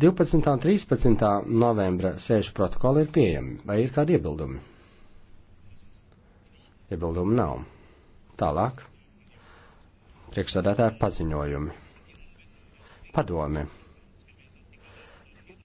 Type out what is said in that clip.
12. un 13. novembra sēžu protokoli ir pieejami. Vai ir kādi iebildumi? Iebildumi nav. Tālāk. Priekšsādātāja paziņojumi. Padomi.